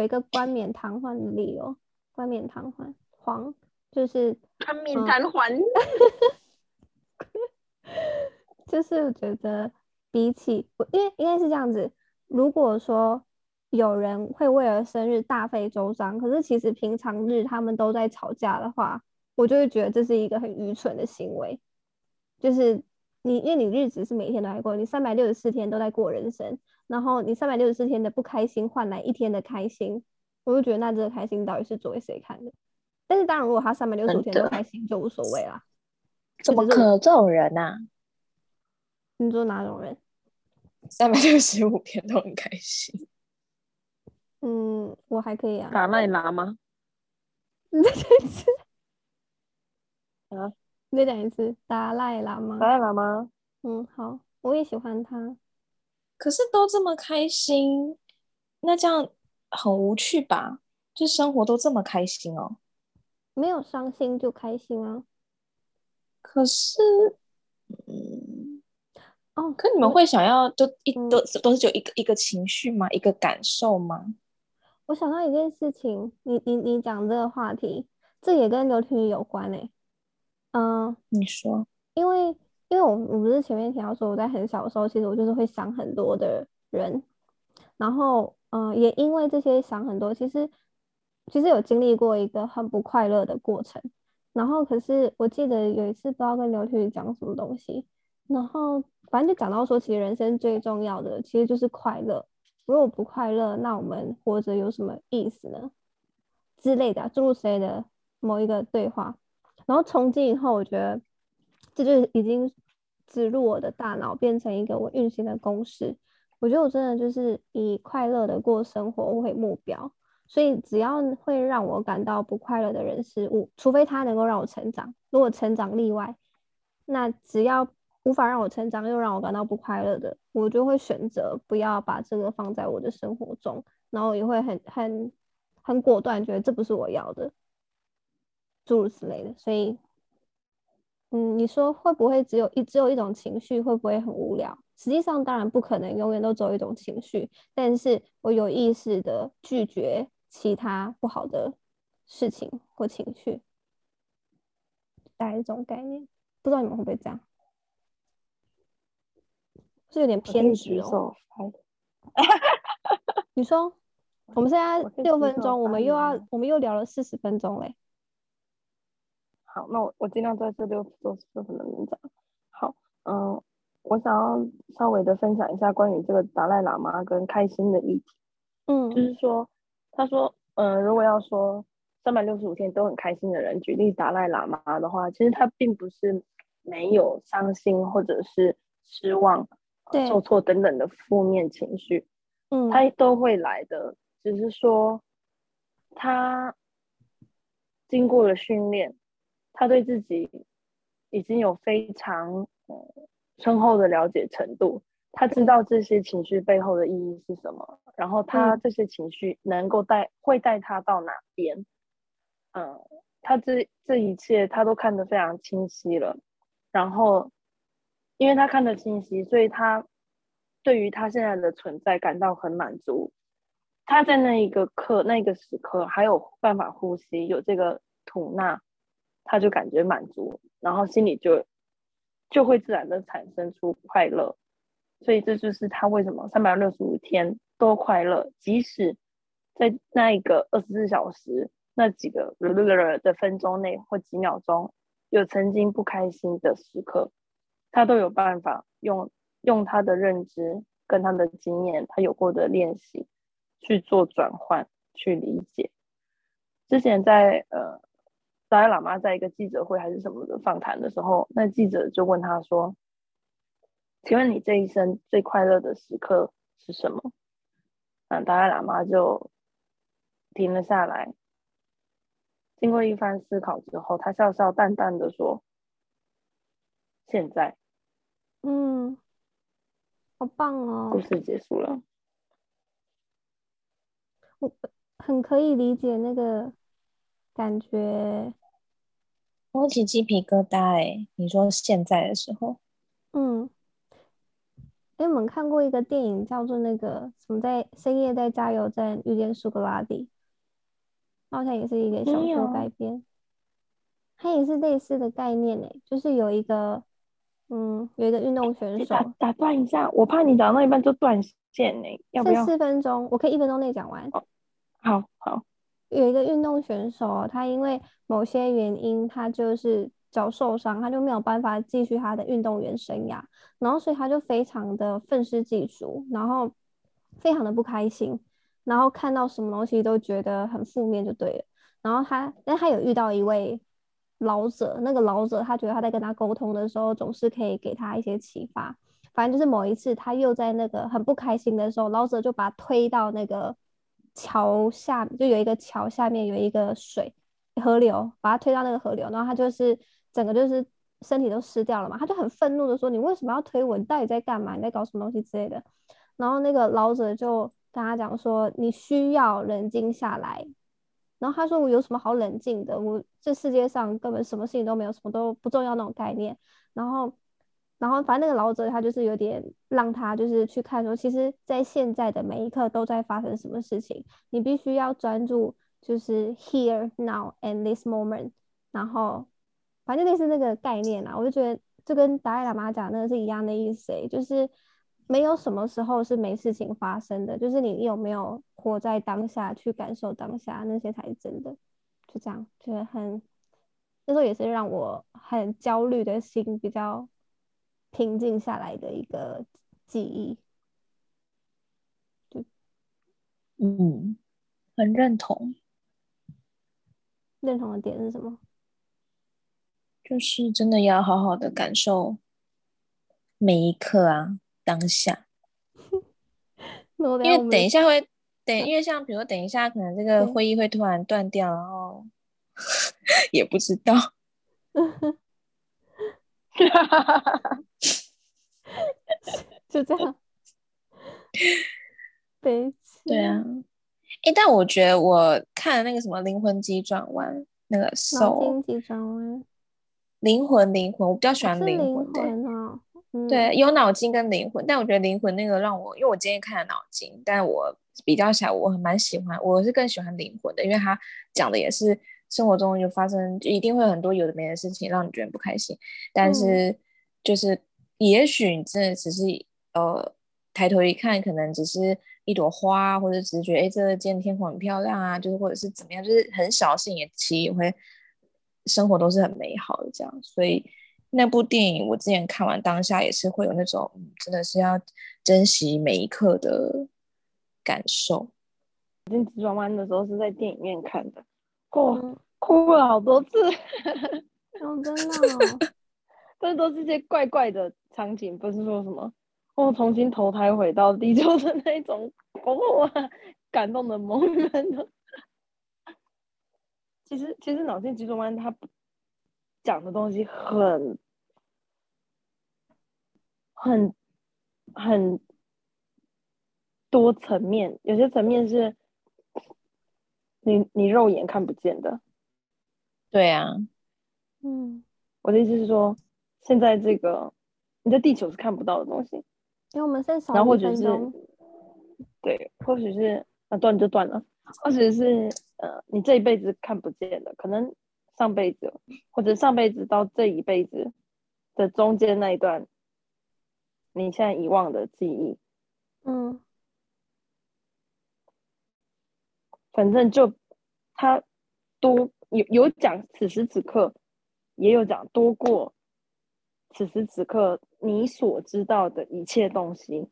有一個冠冕堂皇的理由，冠冕堂皇，皇，就是冠冕堂皇。皇 就是我覺得，比起，因為應該是這樣子，如果說有人會為了生日大費周章，可是其實平常日他們都在吵架的話，我就會覺得這是一個很愚蠢的行為。就是你，因為你日子是每天都在過，你三百六十四天都在過人生。然後你三百六十四天的不開心換來一天的開心，我就覺得那這個開心到底是做給誰看的？但是當然，如果他三百六十五天都開心、嗯、對就無所謂了。怎麼可能這種人吶、啊？你做哪種人？三百六十五天都很開心。嗯，我還可以啊。達賴喇嘛？ 你再講一次。啊？ 再講一次，達賴喇嘛？達賴喇嘛？嗯，好，我也喜歡他。可是都這麼開心，那這樣很無趣吧？就生活都這麼開心哦，沒有傷心就開心啊。可是，嗯，哦，可你們會想要就一我一都一都都是就一個、嗯、一個情緒嗎？一個感受嗎？我想到一件事情，你你你講這個話題，這也跟劉婷宇有關哎、欸。嗯、呃，你說，因為。因為我我不是前面提到說我在很小的時候，其實我就是會想很多的人，然後嗯、呃，也因為這些想很多，其實其實有經歷過一個很不快樂的過程。然後可是我記得有一次不知道跟劉局講什麼東西，然後反正就講到說，其實人生最重要的其實就是快樂。如果不快樂，那我們活着有什麼意思呢？之類的諸如此類的某一個對話。然後從今以後，我覺得。這就是已經植入我的大腦，變成一個我運行的公式。我覺得我真的就是以快樂的過生活為目標，所以只要會讓我感到不快樂的人事物，除非他能夠讓我成長，如果成長例外，那只要無法讓我成長又讓我感到不快樂的，我就會選擇不要把這個放在我的生活中，然後也會很很很果斷，覺得這不是我要的，諸如此類的，所以。嗯，你說會不會只有一只有一種情緒？會不會很無聊？實際上，當然不可能永遠都只有一種情緒。但是我有意識的拒絕其他不好的事情或情緒，哪一種概念，不知道你們會不會這樣？是有點偏執哦。聽聽說你說，我們現在六分鐘，我，聽聽我們又要我們又聊了四十分鐘嘞。好，那我我儘量在這六十多四分的裡面。好，嗯，我想要稍微的分享一下關於這個達賴喇嘛跟開心的議題。嗯，就是說，他說，嗯、呃，如果要說三百六十五天都很開心的人，舉例達賴喇嘛的話，其實他並不是沒有傷心或者是失望、嗯、受挫等等的負面情緒。嗯，他都會來的，只是說他經過了訓練。他對自己已經有非常嗯深厚的了解程度，他知道這些情緒背後的意義是什麼，然後他這些情緒能夠帶會帶他到哪邊，嗯，他這這一切他都看得非常清晰了。然後，因為他看得清晰，所以他對於他現在的存在感到很滿足。他在那一個刻，那個時刻還有辦法呼吸，有這個吐納。他就感覺滿足，然後心裡就就會自然地產生出快樂，所以這就是他為什麼三百六十五天都快樂，即使在那一個二十四小時，那幾個嚕嚕嚕的分鐘內或幾秒鐘，有曾經不開心的時刻，他都有辦法用用他的認知跟他的經驗，他有過的練習去做轉換，去理解。之前在呃。達賴喇嘛在一個記者會還是什麼的訪談的時候，那記者就問他說：“請問你這一生最快樂的時刻是什麼？”嗯，達賴喇嘛就停了下來，經過一番思考之後，他笑笑淡淡的說：“現在。”嗯，好棒哦！故事結束了，嗯、我很可以理解那個感覺。摸起雞皮疙瘩哎、欸！你說現在的時候，嗯，哎、欸，我們看過一個電影，叫做那個什麼，在深夜在加油站遇見蘇格拉底，那好像也是一個小說改編，有它也是類似的概念呢、欸，就是有一個，嗯，有一個運動選手。欸、打斷一下，我怕你講到一半就斷線呢、欸。要不要？四分鐘，我可以一分鐘內講完。好、哦、好。好有一個運動選手，他因為某些原因，他就是腳受傷，他就沒有辦法繼續他的運動員生涯。然後，所以他就非常的憤世嫉俗，然後非常的不開心，然後看到什麼東西都覺得很負面就對了。然後他，但他有遇到一位老者，那個老者他覺得他在跟他溝通的時候，總是可以給他一些啟發。反正就是某一次，他又在那個很不開心的時候，老者就把他推到那個。橋下就有一個，橋下面有一個水河流，把他推到那個河流，然後他就是整個就是身體都濕掉了嘛，他就很憤怒地說：“你為什麼要推我？你到底在幹嘛？你在搞什麼東西之類的？”然後那個老者就跟他講說：“你需要冷靜下來。”然後他說：“我有什麼好冷靜的？我這世界上根本什麼事情都沒有，什麼都不重要那種概念。”然後。然後，反正那個老者他就是有點讓他就是去看說，其實，在現在的每一刻都在發生什麼事情。你必須要專注，就是 here now and this moment。然後，反正類似那個概念啦、啊，我就覺得就跟達賴喇嘛講那個是一樣的意思，就是沒有什麼時候是沒事情發生的，就是你有沒有活在當下去感受當下，那些才是真的。就這樣，覺得很那時候也是讓我很焦慮的心比較平靜下來的一個記憶，對，嗯，很認同。認同的點是什麼？就是真的要好好的感受每一刻啊，當下。 下因為等一下會等，因為像比如等一下，可能這個會議會突然斷掉，嗯、然後 也不知道。 哈哈哈哈就這樣，對 京，對啊，哎，但我覺得我看了那個什麼《靈魂急轉彎》，那個《手，急轉彎》，靈魂靈魂，我比較喜歡靈魂的。靈魂啊嗯、對，有腦筋跟靈魂，但我覺得靈魂那個讓我，因為我今天看了腦筋，但我比較小，我很蠻喜歡，我是更喜歡靈魂的，因為他講的也是。生活中有發生，就一定會有很多有的沒的事情讓你覺得不開心。嗯、但是，就是也許你真的只是呃，抬頭一看，可能只是一朵花，或者只是覺得哎、欸，這間天空很漂亮啊，就是或者是怎麼樣，就是很小事情也其實也會，生活都是很美好的這樣。所以那部電影我之前看完當下也是會有那種，真的是要珍惜每一刻的感受。進急轉彎的時候是在電影院看的。哭哭了好多次， 好真的、哦，但 都是些怪怪的場景，不是說什麼我重新投胎回到地球的那種，感動的 moment。 其實，其實腦筋急轉彎它講的東西很、很、很多層面，有些層面是。你你肉眼看不見的，對啊，嗯，我的意思是說，現在這個你在地球是看不到的東西，因為、欸，我們現在少十分鐘，對，或許是啊斷就斷了，或者是呃，你這一輩子看不見的，可能上輩子或者上輩子到這一輩子的中間那一段，你現在遺忘的記憶，嗯。反正就他多有有講，此時此刻也有講多過此時此刻你所知道的一切東西。